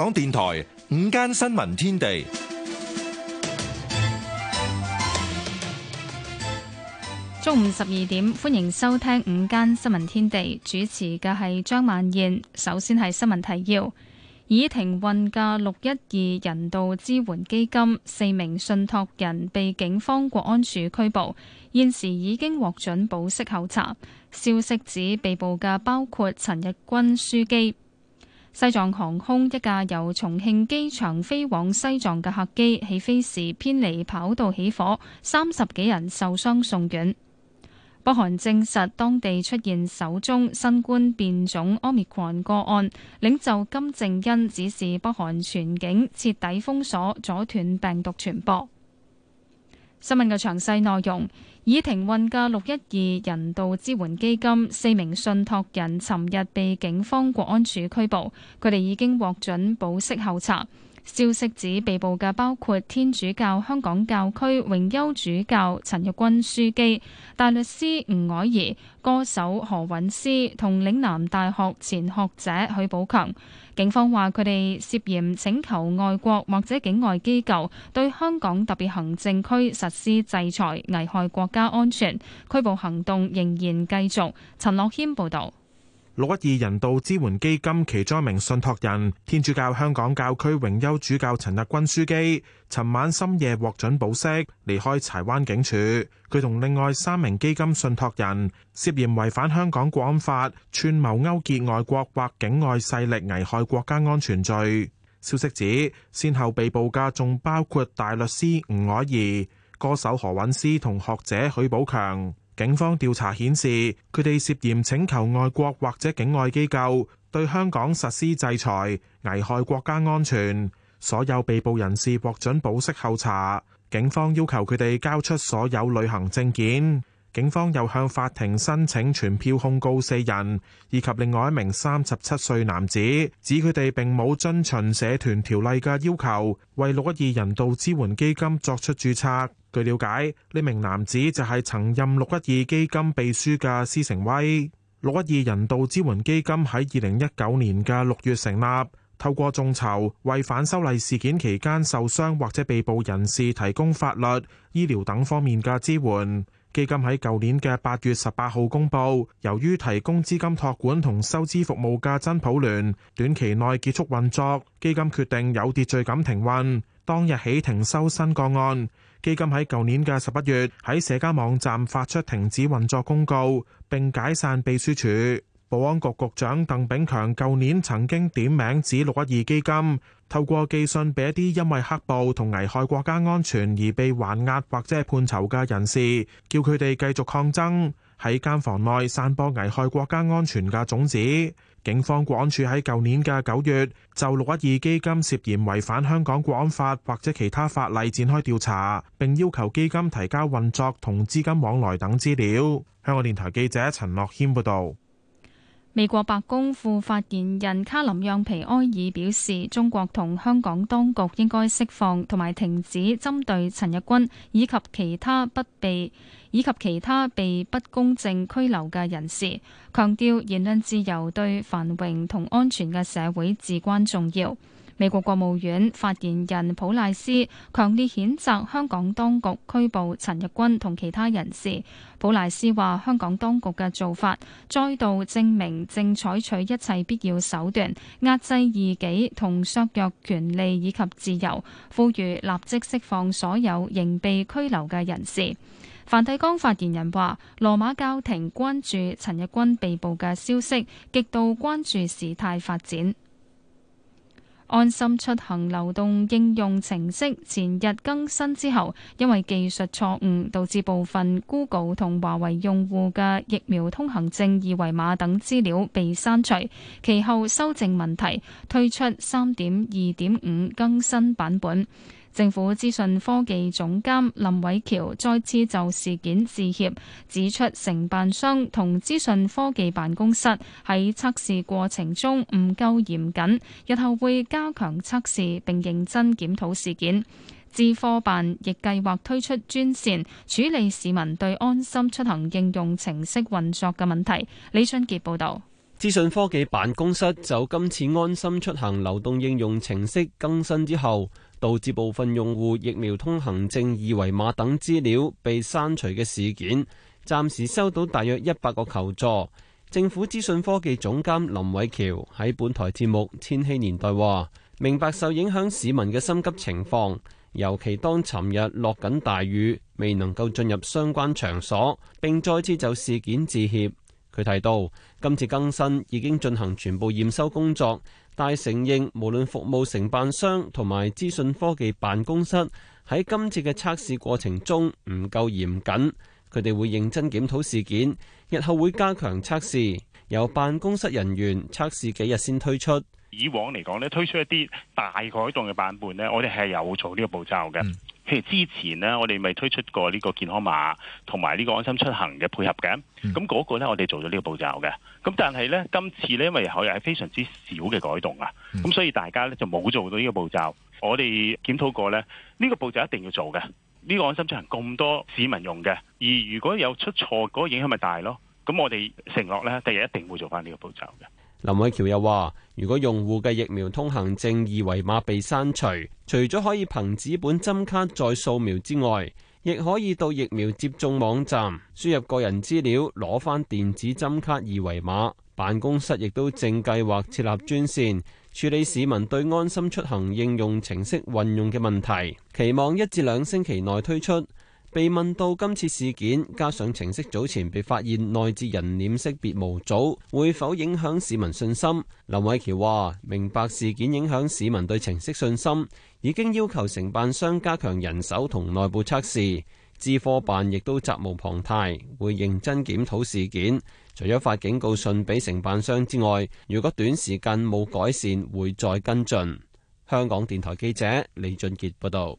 香港電台午間新聞天地，中午十二點。歡迎收聽午間新聞天地，主持嘅係張曼燕。首先係新聞提要：已停運嘅六一二人道支援基金四名信託人被警方國安處拘捕，現時已經獲准保釋候查。消息指被捕嘅包括陳日君樞機。西藏航空一架由重慶機場飛往西藏嘅客機起飛時偏離跑道起火，三十幾人受傷送院。北韓證實當地出現首宗新冠變種 omicron 個案，領袖金正恩指示北韓全境徹底封鎖，阻斷病毒傳播。新聞嘅詳細內容。已停運嘅六一二人道支援基金四名信託人，尋日被警方國安處拘捕，佢哋已經獲准保釋候查。消息指被捕嘅包括天主教香港教區榮休主教陳日君樞機、大律師吳靄儀、歌手何韻詩同嶺南大學前學者許寶強。警方話，佢哋涉嫌請求外國或者境外機構對香港特別行政區實施制裁，危害國家安全。拘捕行動仍然繼續。陳樂謙報道。六一二人道支援基金其中一名信託人天主教香港教區榮休主教陳日君樞機，尋晚深夜獲准保釋離開柴灣警署。佢同另外三名基金信託人涉嫌違反香港國安法，串謀勾結外國或境外勢力危害國家安全罪。消息指，先後被捕嘅仲包括大律師吳靄儀、歌手何韻詩同學者許寶強。警方調查顯示，佢哋涉嫌請求外國或者境外機構對香港實施制裁，危害國家安全。所有被捕人士獲准保釋候查。警方要求佢哋交出所有旅行證件。警方又向法庭申請全票控告四人以及另外一名三十七歲男子，指佢哋並冇遵循社團條例嘅要求，為六一二人道支援基金作出註冊。據了解，呢名男子就係曾任六一二基金秘書嘅施成威。六一二人道支援基金喺二零一九年嘅六月成立，透過眾籌為反修例事件期間受傷或者被捕人士提供法律、醫療等方面嘅支援。基金喺舊年嘅八月十八號公佈，由於提供資金託管同收支服務嘅真普聯短期內結束運作，基金決定有秩序咁停運，當日起停收新個案。基金喺舊年嘅十一月喺社交網站發出停止運作公告，並解散秘書處。保安局局長鄧炳強舊年曾經點名指六一二基金透過寄信俾一啲因為黑暴同危害國家安全而被還押或者係判囚嘅人士，叫佢哋繼續抗爭，喺監房內散播危害國家安全嘅種子。警方國安處喺舊年嘅九月就六一二基金涉嫌違反香港國安法或者其他法例展開調查，並要求基金提交運作同資金往來等資料。香港電台記者陳樂謙報道。美國白宮副發言人卡林讓皮埃爾表示，中國同香港當局應該釋放同埋停止針對陳日君以及其他不被以及其他被不公正拘留嘅人士，強調言論自由對繁榮同安全嘅社會至關重要。美國國務院發言人普賴斯強烈譴責香港當局拘捕陳日君同其他人士。普賴斯話：香港當局嘅做法再度證明正採取一切必要手段壓制異己同削弱權利以及自由，呼籲立即釋放所有仍被拘留嘅人士。梵蒂岡發言人話：羅馬教廷關注陳日君被捕嘅消息，極度關注事態發展。安心出行流動應用程式前日更新之後，因為技術錯誤導致部分 Google 同華為用戶嘅疫苗通行證二維碼等資料被刪除，其後修正問題，推出三點二點五更新版本。政府資訊科技總監林偉喬再次就事件致歉，指出承辦商同資訊科技辦公室喺測試過程中唔夠嚴謹，日後會加強測試並認真檢討事件。智科辦亦計劃推出專線處理市民對安心出行應用程式運作嘅問題。李俊傑報道，資訊科技辦公室就今次安心出行流動應用程式更新之後導致部分用戶疫苗通行證二維碼等資料被刪除嘅事件，暫時收到大約一百個求助。政府資訊科技總監林偉喬喺本台節目《千禧年代》話：明白受影響市民嘅心急情況，尤其當尋日落緊大雨，未能夠進入相關場所。並再次就事件致歉。佢提到，今次更新已經進行全部驗收工作。大承認，無論服務承辦商同埋資訊科技辦公室喺今次嘅測試過程中唔夠嚴謹，佢哋會認真檢討事件，日後會加強測試，由辦公室人員測試幾日先推出。以往嚟講咧，推出一啲大改動嘅版本咧，我哋係有做呢個步驟嘅。譬、嗯、如之前咧，我哋咪推出過呢個健康碼同埋呢個安心出行嘅配合嘅。咁嗰、嗯、個咧，我哋做咗呢個步驟嘅。咁但係咧，今次咧，因為佢又係非常之少嘅改動啊，咁、嗯、所以大家咧就冇做到呢個步驟。我哋檢討過咧，呢、這個步驟一定要做嘅。呢、這個安心出行咁多市民用嘅，而如果有出錯，嗰、那個影響咪大咯。咁我哋承諾咧，第日一定會做翻呢個步驟嘅。林偉喬又話，如果用戶嘅疫苗通行證二維碼被刪除，除咗可以憑紙本針卡再掃描之外，亦可以到疫苗接種網站輸入個人資料，攞翻電子針卡二維碼。辦公室亦都正計劃設立專線處理市民對安心出行應用程式運用嘅問題，期望一至兩星期內推出。被問到今次事件加上程式早前被發現內置人臉識別模組，會否影響市民信心？林偉傑話：明白事件影響市民對程式信心，已經要求承辦商加強人手同內部測試。資科辦亦都責無旁貸，會認真檢討事件。除咗發警告信俾承辦商之外，如果短時間冇改善，會再跟進。香港電台記者李俊傑報道。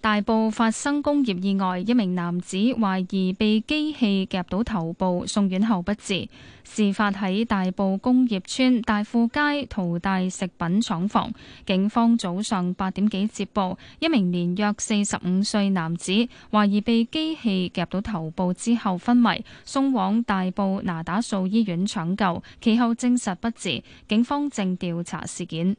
大埔發生工業意外，一名男子懷疑被機器夾到頭部，送院後不治。事發喺大埔工業村大富街淘大食品廠房，警方早上八點幾接報，一名年約四十五歲男子懷疑被機器夾到頭部之後昏迷，送往大埔拿打素醫院搶救，其後證實不治。警方正調查事件。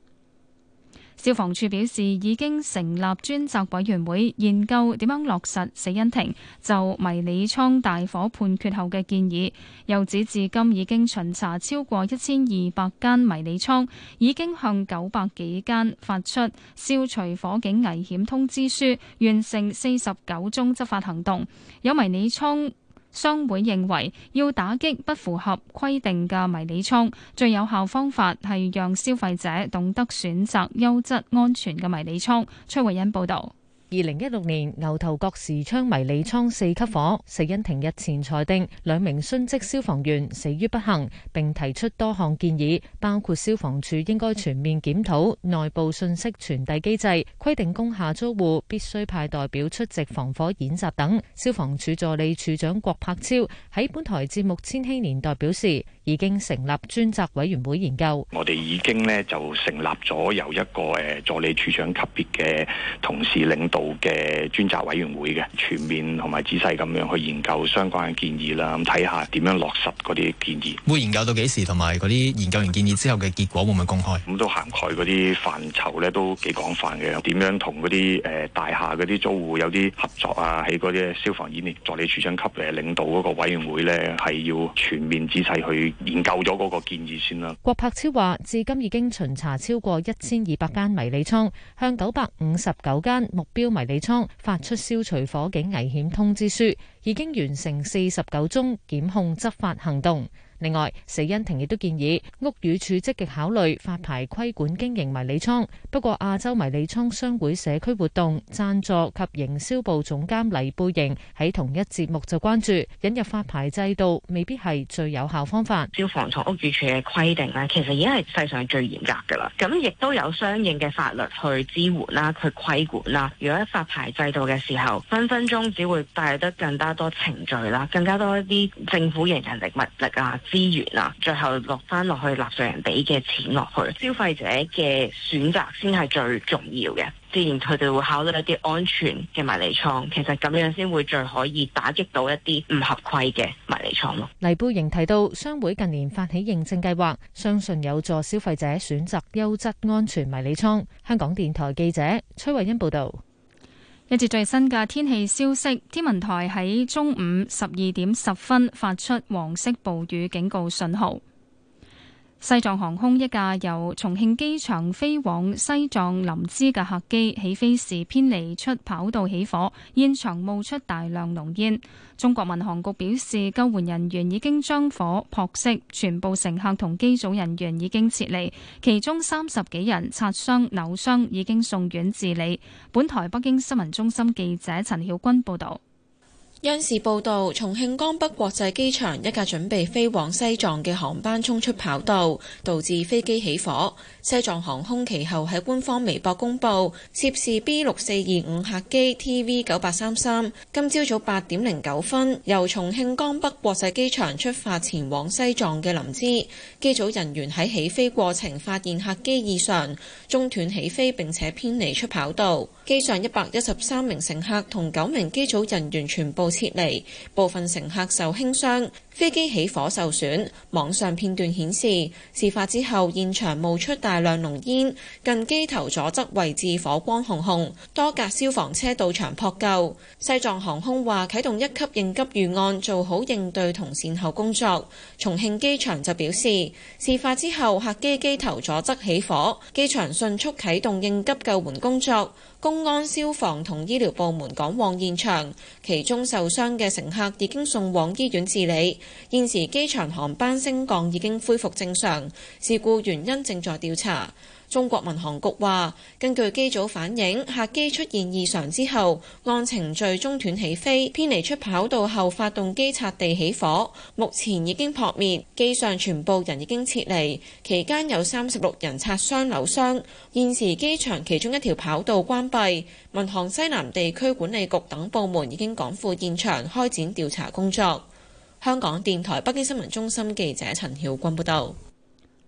消防處表示，已經成立專責委員會研究點樣落實死因庭就迷你倉大火判決後嘅建議。又指至今已經巡查超過一千二百間迷你倉，已經向九百幾間發出消除火警危險通知書，完成四十九宗執法行動，有迷你倉。商會認為要打擊不符合規定嘅迷你倉，最有效方法係讓消費者懂得選擇優質安全嘅迷你倉。崔慧欣報導。二零一六年牛頭角時昌迷你倉四級火，死因庭日前裁定兩名殉職消防員死於不幸，並提出多項建議，包括消防處應該全面檢討內部信息傳遞機制，規定工廈租戶必須派代表出席防火演習等。消防處助理處長郭柏超喺本台節目《千禧年代》表示。已經成立專責委員會研究，我哋已經咧就成立咗由一個誒助理處長級別嘅同事領導嘅專責委員會嘅，全面同埋仔細咁樣去研究相關嘅建議啦，咁睇下點樣落實嗰啲建議。看看建議會研究到幾時？同埋嗰啲研究完建議之後嘅結果會唔會公開？咁都涵蓋嗰啲範疇咧，都幾廣泛嘅。點樣同嗰啲誒大廈嗰啲租戶有啲合作啊？喺嗰啲消防演練助理處長級嘅領導嗰個委員會咧，係要全面仔細去。研究咗嗰個建議先啦。郭柏超話至今已經巡查超過一千二百間迷你倉，向九百五十九間目標迷你倉發出消除火警危險通知書，已經完成四十九宗檢控執法行動。另外，死因庭亦都建議屋宇署積極考慮發牌規管經營迷你倉。不過，亞洲迷你倉商會社區活動贊助及營銷部總監黎貝瑩喺同一節目就關注引入發牌制度未必係最有效方法。消防同屋宇署嘅規定咧，其實已經係世上最嚴格㗎啦。咁亦都有相應嘅法律去支援啦，去規管啦。如果發牌制度嘅時候，分分鐘只會帶得更加多程序啦，更加多一啲政府型人力物力啊。資源啊，最後落翻落去納稅人俾嘅錢落去，消費者嘅選擇先係最重要嘅。自然佢哋會考慮一啲安全嘅迷你倉，其實咁樣先會最可以打擊到一啲唔合規嘅迷你倉咯。黎貝盈提到，商會近年發起認證計劃，相信有助消費者選擇優質安全迷你倉。香港電台記者崔慧欣報道。一則最新嘅天氣消息，天文台喺中午十二點十分發出黃色暴雨警告信號。西藏航空一架由重慶機場飛往西藏林芝嘅客機起飛時偏離出跑道起火，現場冒出大量濃煙。中國民航局表示，救援人員已經將火撲熄，全部乘客同機組人員已經撤離，其中三十幾人擦傷扭傷，已經送院治理。本台北京新聞中心記者陳曉君報道。央視報道，重慶江北國際機場一架準備飛往西藏嘅航班衝出跑道，導致飛機起火。西藏航空其後喺官方微博公佈，涉事 B 六四二五客機 TV 九八三三，今朝早八點零九分由重慶江北國際機場出發前往西藏嘅林芝，機組人員喺起飛過程發現客機異常，中斷起飛並且偏離出跑道。機上一百一十三名乘客同九名機組人員全部撤離，部分乘客受輕傷。飛機起火受損，網上片段顯示事發之後，現場冒出大量濃煙，近機頭左側位置火光紅紅，多架消防車到場撲救。西藏航空話啟動一級應急預案，做好應對同善後工作。重慶機場就表示，事發之後客機機頭左側起火，機場迅速啟動應急救援工作，公安、消防同醫療部門趕往現場，其中受傷嘅乘客已經送往醫院治理。現時機場航班升降已經恢復正常，事故原因正在調查。中國民航局話，根據機組反映，客機出現異常之後，按程序中斷起飛，偏離出跑道後發動機擦地起火，目前已經撲滅，機上全部人已經撤離，期間有三十六人擦傷扭傷。現時機場其中一條跑道關閉，民航西南地區管理局等部門已經趕赴現場開展調查工作。香港電台北京新聞中心記者陳曉君報道：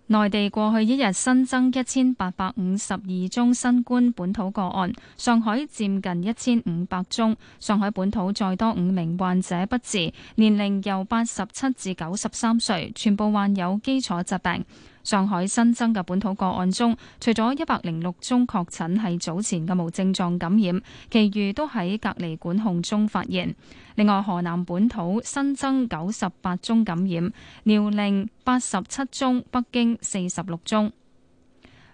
內地過去一日新增一千八百五十二宗新冠本土個案，上海佔近一千五百宗。上海本土再多五名患者不治，年齡由八十七至九十三歲，全部患有基礎疾病。上海新增嘅本土個案中，除咗一百零六宗確診係早前嘅無症狀感染，其餘都喺隔離管控中發現。另外，河南本土新增九十八宗感染，遼寧八十七宗，北京四十六宗。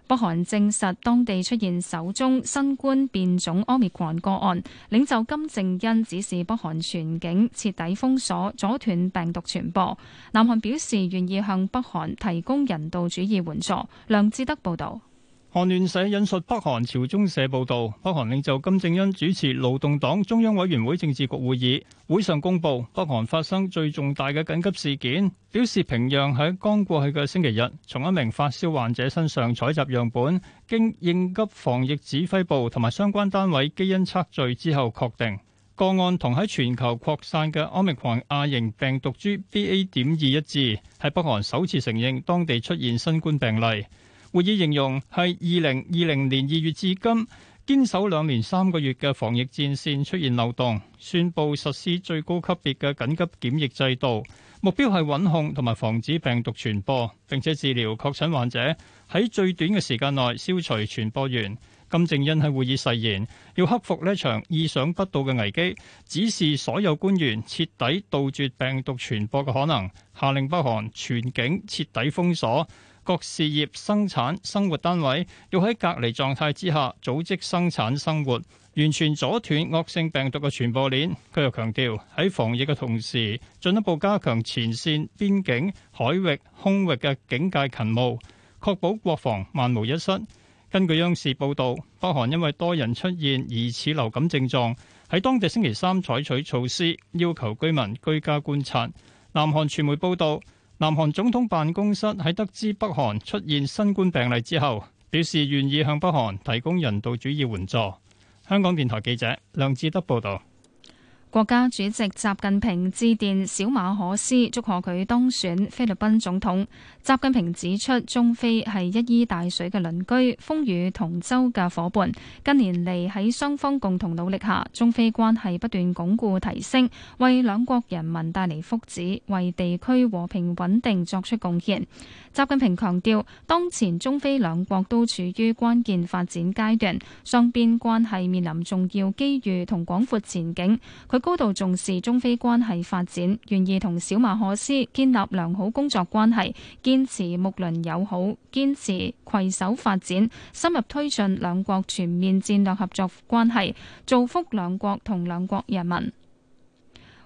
北韓證實當地出現首宗新冠變種 Omicron 個案，領袖金正恩指示北韓全境徹底封鎖，阻斷病毒傳播。南韓表示願意向北韓提供人道主義援助。梁志德報道。韓聯社引述北韓朝中社報導，北韓領袖金正恩主持勞動黨中央委員會政治局會議，會上公布北韓發生最重大嘅緊急事件，表示平壤喺剛過去嘅星期日，從一名發燒患者身上採集樣本，經應急防疫指揮部同埋相關單位基因測序之後確定，個案同喺全球擴散嘅奧密克戎亞型病毒株 BA 點二一致，係北韓首次承認當地出現新冠病例。會議形容係二零二零年二月至今堅守兩年三個月嘅防疫戰線出現漏洞，宣布實施最高級別嘅緊急檢疫制度，目標係穩控同埋防止病毒傳播，並且治療確診患者喺最短嘅時間內消除傳播源。金正恩喺會議誓言要克服呢場意想不到嘅危機，指示所有官員徹底杜絕病毒傳播嘅可能，下令北韓全境徹底封鎖。各事業、生產、生活單位要喺隔離狀態之下組織生產生活，完全阻斷惡性病毒嘅傳播鏈。佢又強調喺防疫嘅同時，進一步加強前線、邊境、海域、空域嘅警戒勤務，確保國防萬無一失。根據央視報導，北韓因為多人出現疑似流感症狀，喺當地星期三採取措施，要求居民居家觀察。南韓傳媒報道。南韓總統辦公室喺得知北韓出現新冠病例之後，表示願意向北韓提供人道主義援助。香港電台記者梁志德報道。國家主席習近平致電小馬可斯，祝賀佢當選菲律賓總統。習近平指出，中菲係一衣帶水嘅鄰居，風雨同舟嘅夥伴。近年嚟喺雙方共同努力下，中菲關係不斷鞏固提升，為兩國人民帶嚟福祉，為地區和平穩定作出貢獻。習近平強調，當前中菲兩國都處於關鍵發展階段，雙邊關係面臨重要機遇同廣闊前景。佢高度重視中菲關係發展，願意同小馬可斯建立良好工作關係，堅持睦鄰友好，堅持携手發展，深入推進兩國全面戰略合作關係，造福兩國同兩國人民。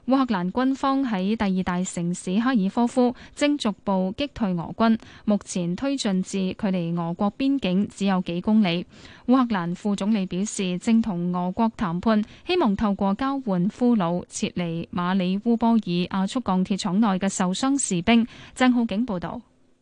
烏克蘭軍方喺第二大城市哈爾科夫正逐步擊退俄軍，目前推進至距離俄國邊境只有幾公里。烏克蘭副總理表示，正同俄國談判，希望透過交換俘虜撤離馬里烏波爾亞速鋼鐵廠內嘅受傷士兵。鄭浩景報道。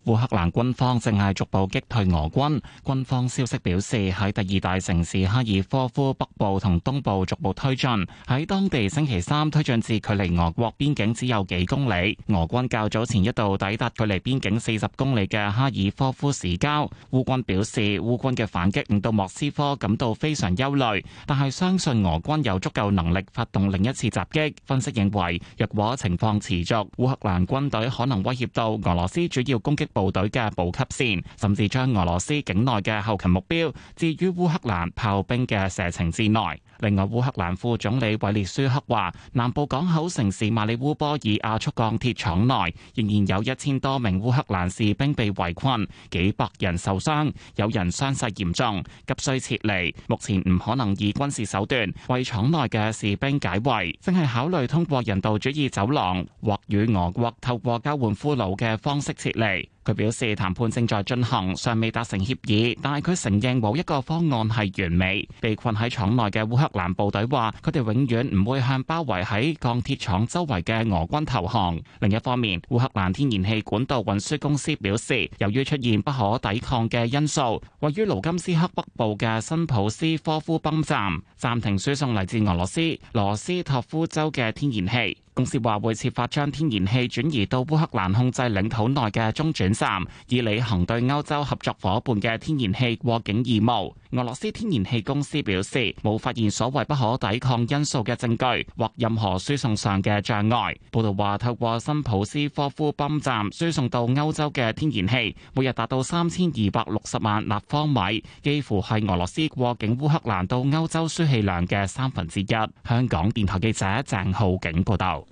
烏克蘭軍方正係逐步擊退俄軍，軍方消息表示喺第二大城市哈爾科夫北部同東部逐步推進，喺當地星期三推進至距離俄國邊境只有幾公里。俄軍較早前一度抵達距離邊境四十公里嘅哈爾科夫市郊。烏軍表示，烏軍嘅反擊令到莫斯科感到非常憂慮，但係相信俄軍有足夠能力發動另一次襲擊。分析認為，若果情況持續，烏克蘭軍隊可能威脅到俄羅斯主要攻擊。部隊嘅補給線，甚至將俄羅斯境內嘅後勤目標置於烏克蘭炮兵嘅射程之內。另外，烏克蘭副總理韋列舒克話，南部港口城市馬里烏波爾亞速鋼鐵廠內仍然有一千多名烏克蘭士兵被圍困，幾百人受傷，有人傷勢嚴重，急需撤離。目前唔可能以軍事手段為廠內嘅士兵解圍，正係考慮通過人道主義走廊或與俄國透過交換俘虜嘅方式撤離。佢表示談判正在進行，尚未達成協議，但係佢承認某一個方案係完美。被困喺廠內嘅烏克蘭部隊話，佢哋永遠唔會向包圍喺鋼鐵廠周圍嘅俄軍投降。另一方面，烏克蘭天然氣管道運輸公司表示，由於出現不可抵抗嘅因素，位於盧金斯克北部嘅新普斯科夫泵站暫停輸送嚟自俄羅斯羅斯托夫州嘅天然氣。公司話會設法將天然氣轉移到烏克蘭控制領土內嘅中轉站，以履行對歐洲合作伙伴嘅天然氣過境義務。俄羅斯天然氣公司表示，冇發現所謂不可抵抗因素嘅證據或任何輸送上嘅障礙。報道話，透過新普斯科夫泵站輸送到歐洲嘅天然氣每日達到三千二百六十萬立方米，幾乎係俄羅斯過境烏克蘭到歐洲輸氣量嘅三分之一。香港電台記者鄭浩景報道。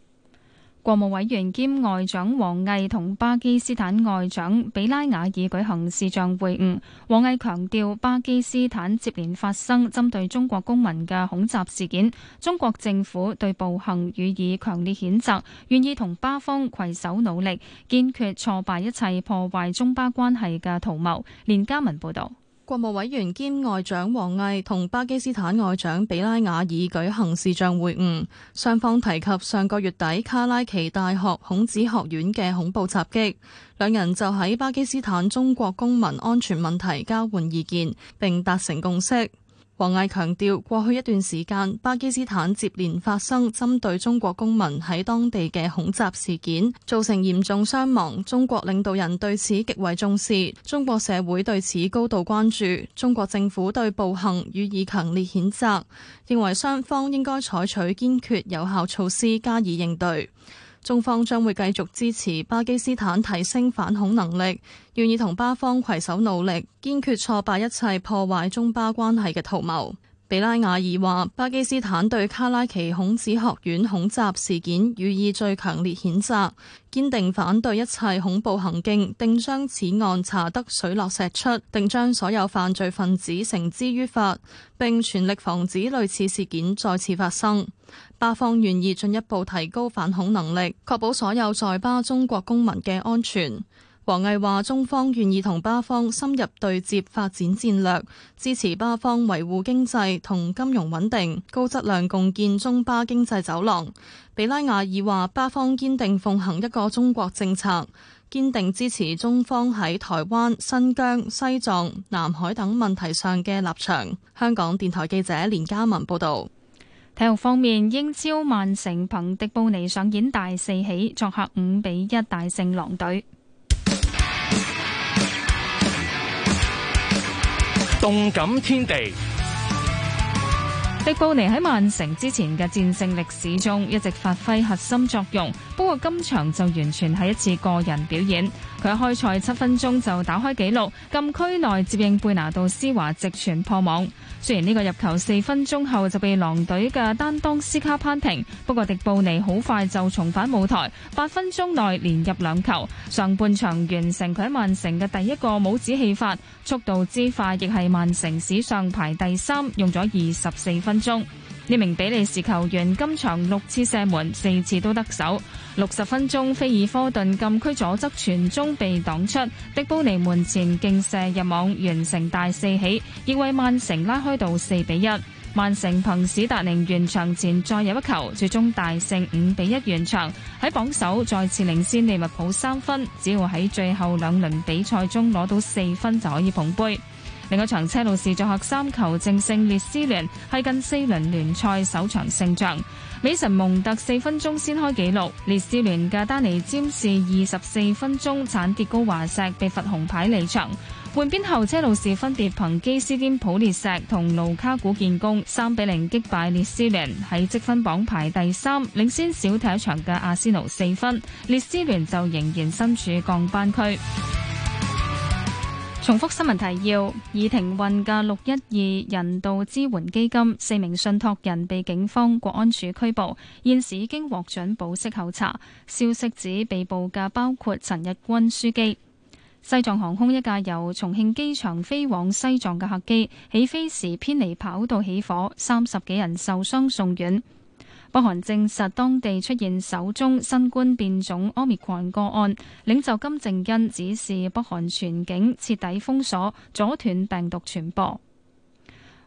國務委員兼外長王毅同巴基斯坦外長比拉瓦爾舉行視像會晤。王毅強調，巴基斯坦接連發生針對中國公民嘅恐襲事件，中國政府對暴行予以強烈譴責，願意同巴方携手努力，堅決挫敗一切破壞中巴關係嘅圖謀。連家文報道。國務委員兼外長王毅同巴基斯坦外長比拉瓦爾舉行視像會晤，雙方提及上個月底卡拉奇大學孔子學院嘅恐怖襲擊，兩人就喺巴基斯坦中國公民安全問題交換意見，並達成共識。王毅強調，過去一段時間，巴基斯坦接連發生針對中國公民喺當地嘅恐襲事件，造成嚴重傷亡。中國領導人對此極為重視，中國社會對此高度關注，中國政府對暴行予以強烈譴責，認為雙方應該採取堅決有效措施加以應對。中方將會繼續支持巴基斯坦提升反恐能力，願意同巴方攜手努力，堅決挫敗一切破壞中巴關係嘅圖謀。比拉瓦爾話：巴基斯坦對卡拉奇孔子學院恐襲事件予以最強烈譴責，堅定反對一切恐怖行徑，並將此案查得水落石出，並將所有犯罪分子繩之於法，並全力防止類似事件再次發生。巴方願意進一步提高反恐能力，確保所有在巴中國公民嘅安全。王毅話：中方願意同巴方深入對接，發展戰略，支持巴方維護經濟同金融穩定，高質量共建中巴經濟走廊。比拉雅爾話：巴方堅定奉行一個中國政策，堅定支持中方喺台灣、新疆、西藏、南海等問題上嘅立場。香港電台記者連嘉文報導。體育方面，英超曼城憑迪布尼上演大四喜，作客五比一大勝狼隊。動感天地，迪布尼喺曼城之前嘅戰勝歷史中一直發揮核心作用，不過今場就完全係一次個人表演。佢開賽七分鐘就打開紀錄，禁區內接應貝拿度斯華直傳破網。雖然呢個入球四分鐘後就被狼隊嘅丹當斯卡扳平，不過迪布尼好快就重返舞台，八分鐘內連入兩球。上半場完成佢喺曼城嘅第一個帽子戲法，速度之快亦係曼城史上排第三，用咗二十四分鐘。呢名比利時球員今場六次射門四次都得手，六十分鐘，菲爾科頓禁區左側傳中被擋出，迪布尼門前勁射入網，完成大四喜，亦為曼城拉開到四比一。曼城憑史達寧完場前再入一球，最終大勝五比一完場，喺榜首再次領先利物浦三分，只要喺最後兩輪比賽中攞到四分就可以捧杯。另一場車路士作客三球正勝列斯聯，係近四輪聯賽首場勝仗。美神蒙特四分鐘先開紀錄，列斯聯嘅丹尼詹士二十四分鐘鏟跌高華石，被罰紅牌離場。換邊後，車路士分別憑基斯甸普列石同盧卡古建功，三比零擊敗列斯聯，喺積分榜排第三，領先少踢場嘅阿仙奴四分。列斯聯就仍然身處降班區。重複新聞提要：已停運嘅六一二人道支援基金四名信託人被警方國安處拘捕，現時已經獲准保釋候查。消息指被捕嘅包括陳日君樞機。西藏航空一架由重慶機場飛往西藏嘅客機起飛時偏離跑道起火，三十幾人受傷送院。北韓證實當地出現首宗新冠變種 Omicron 個案，領袖金正恩指示北韓全境徹底封鎖，阻斷病毒傳播。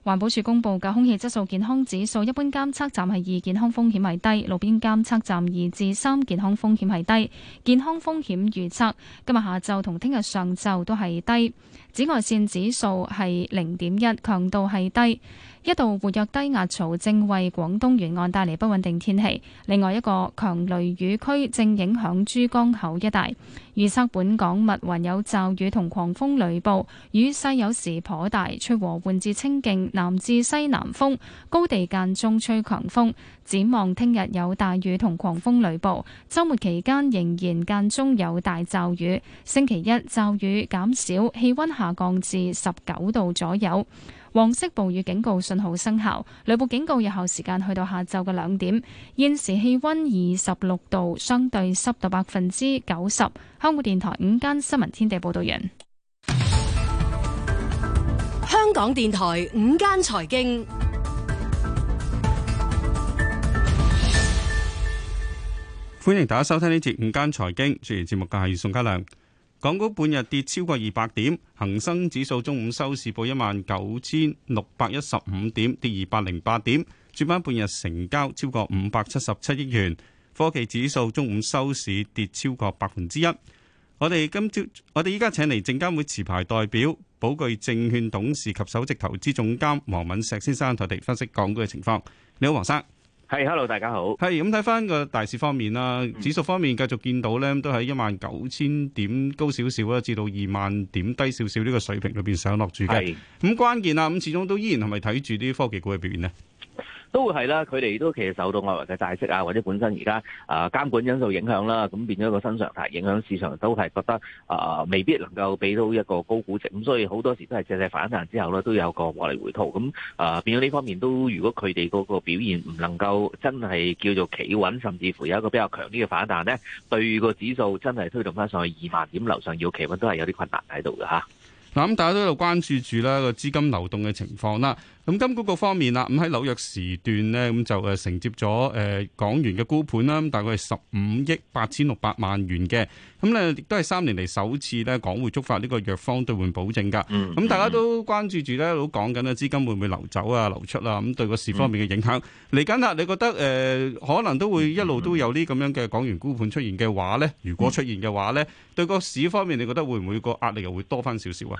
環保署公布嘅空氣質素健康指數，一般監測站係二，健康風險係低；路邊監測站二至三，健康風險係低。健康風險預測今日下晝同聽日上晝都係低。紫外線指數係零點一，強度係低。一度活躍低壓槽正為廣東沿岸帶嚟不穩定天氣，另外一個強雷雨區正影響珠江口一帶。預測本港密雲有驟雨同狂風雷暴，雨勢有時頗大，吹和緩至清勁南至西南風，高地間中吹強風。展望聽日有大雨同狂風雷暴，周末期間仍然間中有大驟雨，星期一驟雨減少，氣溫下降至十九度左右。黃色暴雨警告信號生效，雷暴警告有效時間去到下晝嘅兩點。現時氣溫二十六度，相對濕度百分之九十。香港電台午間新聞天地報道完，香港電台午間財經。歡迎大家收聽呢節午間財經，主持節目嘅係宋家良。港股半日跌超過二百點，恒生指數中午收市報一萬九千六百一十五點，跌二百零八點。主板半日成交超過五百七十七億元。科技指數中午收市跌超過百分之一。我哋今朝我哋依家請嚟證監會持牌代表寶具證券董事及首席投資總監黃敏石先生，同我哋分析港股嘅情況。你好，黃生。係，hey，hello，大家好。係咁睇翻個大市方面啦，嗯，指數方面繼續見到咧，都喺一萬九千點高少少啦，至到二萬點低少少呢個水平裏邊上落住嘅。咁是關鍵啦，咁始終都依然係咪睇住啲科技股嘅表現咧？都係啦，佢哋都其實受到外圍嘅債息啊，或者本身而家啊監管因素影響啦，咁變咗個新常態，影響市場都係覺得啊、呃、未必能夠俾到一個高估值，咁所以好多時都係借勢反彈之後咧，都有個獲利回吐，咁啊變咗呢方面都，如果佢哋嗰個表現唔能夠真係叫做企穩，甚至乎有一個比較強啲嘅反彈咧，對個指數真係推動翻上去二萬點樓上要企穩都係有啲困難喺度噶嚇。嗱，咁大家都有關注住呢個資金流動嘅情況啦。咁金管局方面啦，咁喺紐約時段呢，咁就誒承接咗誒港元嘅沽盤啦，大概係十五億八千六百萬元嘅。咁呢亦都係三年嚟首次呢港匯觸發呢個弱方兌換保證㗎。咁、嗯、大家都關注住呢，一路講緊呢資金會唔會流走啊、流出啦？咁對個市方面嘅影響嚟緊啦。你覺得誒、呃、可能都會一路都有啲咁樣嘅港元沽盤出現嘅話呢，如果出現嘅話呢，對個市方面，你覺得會唔會個壓力又會多返少少啊？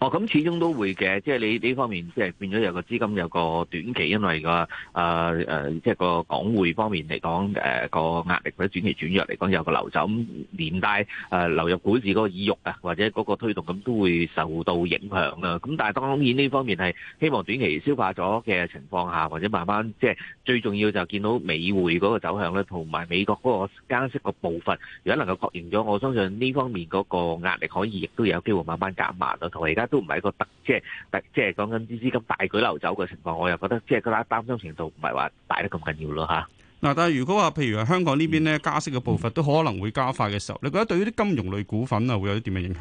哦，咁始終都會嘅，即係你呢方面即係變咗有個資金有個短期，因為個啊誒，即係個港匯方面嚟講誒個壓力或者短期轉弱嚟講有個流走，咁連帶誒流入股市嗰個意欲啊，或者嗰個推動咁都會受到影響啊。咁但係當然呢方面係希望短期消化咗嘅情況下，或者慢慢即係最重要就見到美匯嗰個走向咧，同埋美國嗰個加息個部分，如果能夠確認咗，我相信呢方面嗰個壓力可以亦都有機會慢慢減慢啦。同埋而家。都唔係一個特，即係特，即係講緊啲資金大舉流走嘅情況，我又覺得即係嗰個擔心程度唔係話大得咁緊要咯吓，嗱、啊，但係如果話譬如話香港呢邊咧加息嘅步伐都可能會加快嘅時候，你覺得對於啲金融類股份啊會有啲點嘅影響？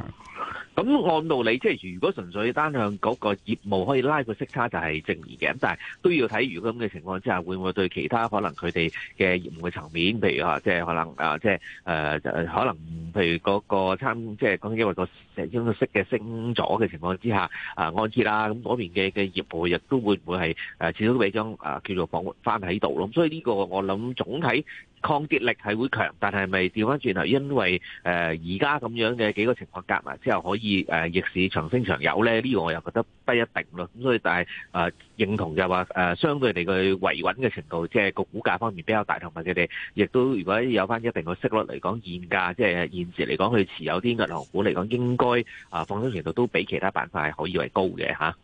咁按道理，即係如果純粹單向嗰個業務可以拉個息差，就係正義嘅。咁但係都要睇，如果咁嘅情況之下，會唔會對其他可能佢哋嘅業務嘅層面，譬如啊，即係可能啊，即係誒，可能譬如嗰個參，即係講因為個息嘅升咗嘅情況之下，啊按揭啦，咁嗰邊嘅嘅業務亦都會唔會係誒始終都俾張誒叫做保護翻喺度咯。所以呢個我諗總體。抗跌力係會強，但係咪調翻轉頭？因為誒而家咁樣嘅幾個情況夾埋之後，可以誒逆市長升長有咧？呢個我又覺得不一定咯。咁所以，但係啊，認同就話誒，相對嚟佢維穩嘅程度，即係個股價方面比較大，同埋佢哋亦都如果有翻一定嘅息率嚟講，現價即係現時嚟講，佢持有啲銀行股嚟講，應該啊，放鬆程度都比其他板塊係可以為高嘅嚇。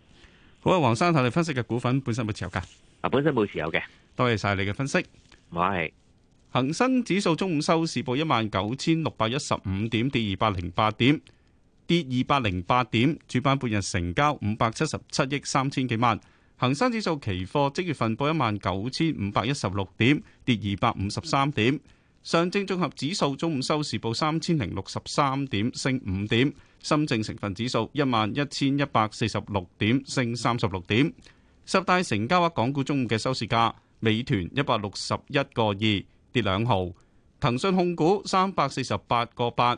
好啊，黃生，睇你分析嘅股份本身有冇持有噶？啊，本身冇持有嘅。多謝曬你嘅分析。我係。恒生指數中午收市報一萬九千六百一十五點，跌二百零八點，跌二百零八點。主板半日成交五百七十七億三千幾萬。恒生指數期貨即月份報一萬九千五百一十六點，跌二百五十三點。上證綜合指數中午收市報三千零六十三點，升五點。深證成分指數一萬一千一百四十六點，升三十六點。十大成交額港股中午嘅收市價，美團一百六十一個二。跌兩毫，騰訊控股三百四十八個八，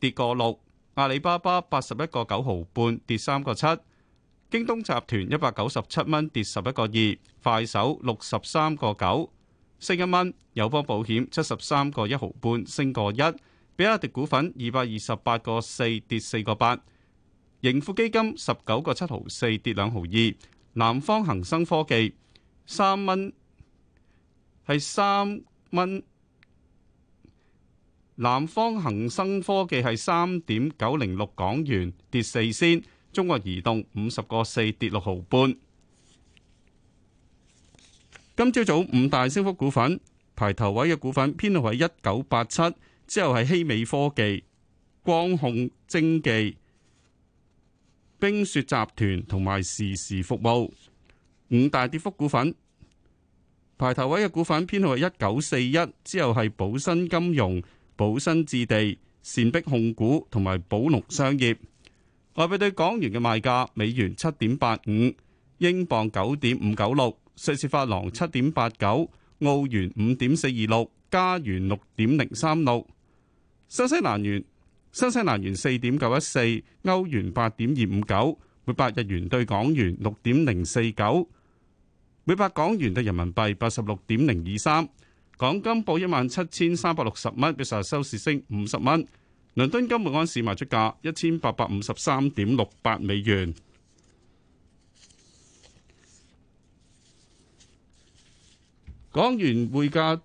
跌個六；阿里巴巴八十一個九毫半，跌三個七；京東集團一百九十七蚊，跌十一個二；快手六十三個九，升一蚊；友邦保險七十三個一毫半，升個一；比亞迪股份二百二十八個四，跌四個八；盈富基金十九個七毫四，跌兩毫二；南方恒生科技三蚊，係三蚊南方恒生科技係三點九零六港元，跌四仙。中國移動五十個四，跌六毫半。今朝早五大升幅股份，排頭位嘅股份編號係一九八七，之後係希美科技、光控精技、冰雪集團同埋時時服務。五大跌幅股份。排頭位嘅股份編號係一九四一，之後係寶新金融、寶新置地、善碧控股同埋寶龍商業。外幣對港元嘅賣價：美元七點八五，英鎊九點五九六，瑞士法郎七點八九，澳元五點四二六，加元六點零三六，新西蘭元新西蘭元四點九一四，歐元八點二五九，每百日元對港元六點零四九。每百港元兌人民幣八十六點零二三，港金報一萬七千三百六十蚊，比上日收市升五十蚊。倫敦金每安士賣出價一千八百五十三點六八美元。港元匯價，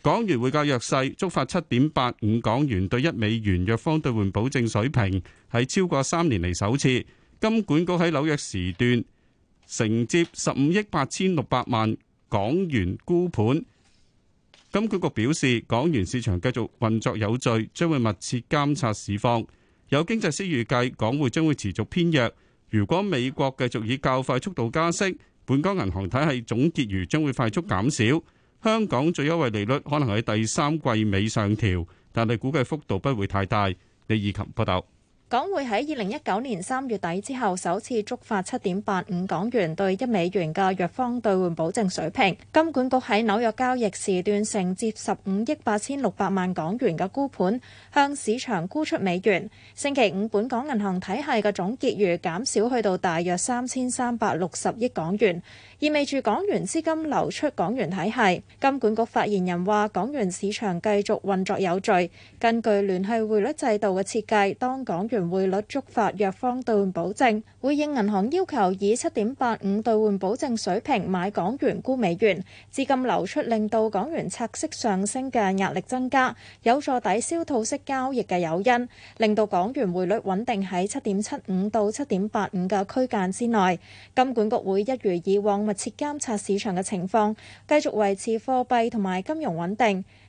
港元匯價弱勢，觸發七點八五港元兌一美元弱方兌換保證水平，係超過三年嚟首次。金管局喺紐約時段。承接十五億八千六百萬港元沽盤，金管局表示港元市場繼續運作有序，將會密切監察市況。有經濟師預計港匯將會持續偏弱。如果美國繼續以較快速度加息，本港銀行體系總結餘將會快速減少。香港最優惠利率可能喺第三季尾上調，但係估計幅度不會太大。李以琴報道。港匯喺二零一九年三月底之後首次觸發七點八五港元對一美元嘅弱方兌換保證水平。金管局喺紐約交易時段承接十五億八千六百萬港元嘅沽盤，向市場沽出美元。星期五本港銀行體系嘅總結餘減少去到大約三千三百六十億港元。意味住港元資金流出港元體系，金管局發言人話：港元市場繼續運作有序。根據聯繫匯率制度嘅設計，當港元匯率觸發弱方兌換保證，會應銀行要求以七點八五兌換保證水平買港元沽美元。資金流出令到港元拆息上升嘅壓力增加，有助抵消套息交易嘅誘因，令到港元匯率穩定喺七點七五到七點八五嘅區間之內。金管局會一如以往，密切監察市場嘅情況，繼續維持貨幣同埋金融穩定。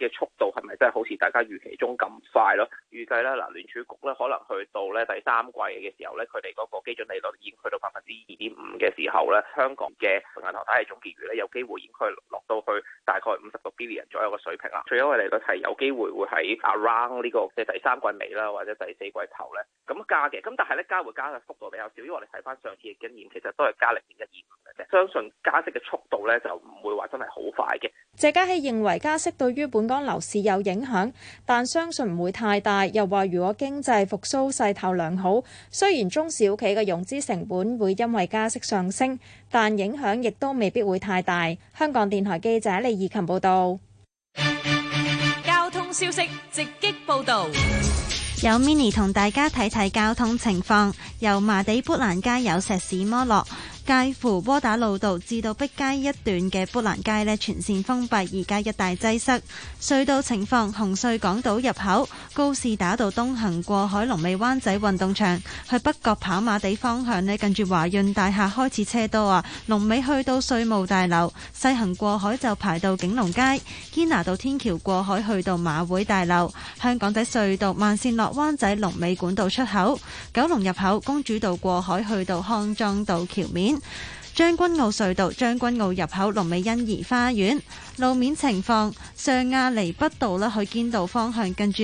嘅速度係咪真係好似大家預期中咁快咯？預計咧，嗱、啊、聯儲局咧可能去到咧第三季嘅時候咧，佢哋嗰個基準利率已經去到百分之二點五嘅時候咧，香港嘅銀行體系總結餘咧有機會已經去落到去大概五十個 billion 左右嘅水平啦。除咗要係我哋個提有機會會喺 around 呢個即係第三季尾啦，或者第四季頭咧咁加嘅。咁但係咧加會加嘅幅度比較少，因為我哋睇翻上次嘅經驗，其實都係加零點一二五嘅啫。相信加息嘅速度咧就唔會話真係好快嘅。謝家希認為加息對於本港樓市有影響，但相信唔會太大。又話如果經濟復甦勢頭良好，雖然中小企嘅融資成本會因為加息上升，但影響亦都未必會太大。香港電台記者李怡琴報道。交通消息直擊報道，有 Mini 同大家睇睇交通情況。油麻地砵蘭街有石屎剝落。介乎窩打老道至到碧街一段嘅砵蘭街呢，全線封閉，而家一帶擠塞。隧道情況：紅隧港島入口、高士打道東行過海、龍尾灣仔運動場去北角跑馬地方向呢，近住華潤大廈開始車多啊。龍尾去到稅務大樓，西行過海就排到景隆街。堅拿道天橋過海去到馬會大樓、香港仔隧道、慢線落灣仔龍尾管道出口、九龍入口、公主道過海去到康莊道橋面。將軍澳隧道將軍澳入口，龍尾欣怡花園。路面情況：上亞厘畢道咧去堅道方向，近住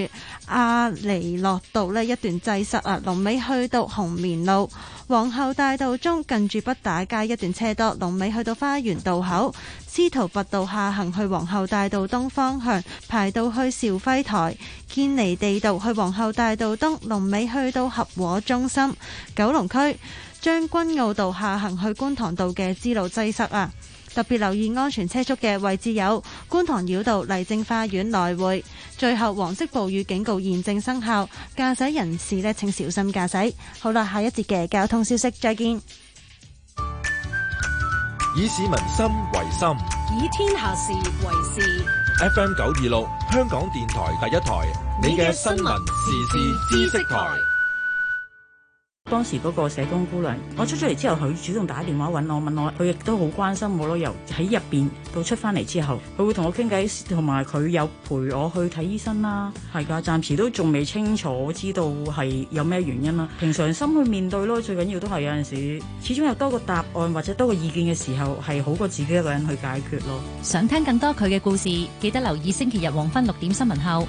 亞畢諾道咧一段擠塞啊！龍尾去到紅棉路。皇后大道中近住畢打街一段車多，龍尾去到花園道口。司徒拔道下行去皇后大道東方向，排到去兆輝台。堅尼地道去皇后大道東，龍尾去到合和中心。九龍區。將軍澳道下行去觀塘道嘅支路擠塞啊！特別留意安全車速嘅位置有觀塘繞道、麗晶花園來回。最後黃色暴雨警告現正生效，駕駛人士呢請小心駕駛。好啦，下一節嘅交通消息，再見。以市民心為心，以天下事為事。F M 九二六，香港電台第一台，你嘅新聞時事、時事知識台。當時嗰個社工姑娘，我出咗嚟之後，佢主動打電話揾我，問我，佢亦都好關心我咯。由喺入邊到出翻嚟之後，佢會同我傾偈，同埋佢有陪我去睇醫生啦。係㗎，暫時都仲未清楚知道係有咩原因啦。平常心去面對咯，最緊要都係有陣時，始終有多個答案或者多個意見嘅時候，係好過自己一個人去解決咯。想聽更多佢嘅故事，記得留意星期日黃昏六點新聞後。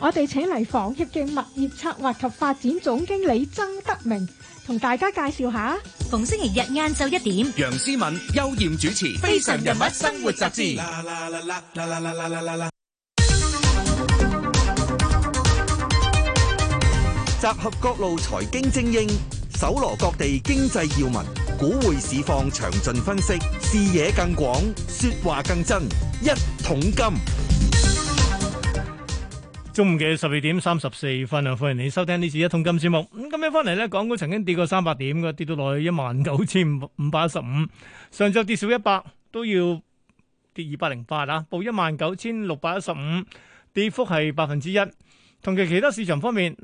我哋請嚟房協嘅物業策劃及發展總經理曾德明同大家介紹下。逢星期日晏晝一點，楊思敏、邱艷主持《非常人物生活雜誌》，集合各路財經精英，搜羅各地經濟要聞，股匯市況詳盡分析，視野更廣，說話更真，一桶金。中午嘅十二點三十四分啊，歡迎你收聽呢次一通金節目。咁今日翻嚟呢，港股曾經跌過三百點嘅，跌到落去一萬九千五百一十五。上晝跌少一百，都要跌二百零八啊，報一萬九千六百一十五，跌幅係百分之一。同期其他市場方面。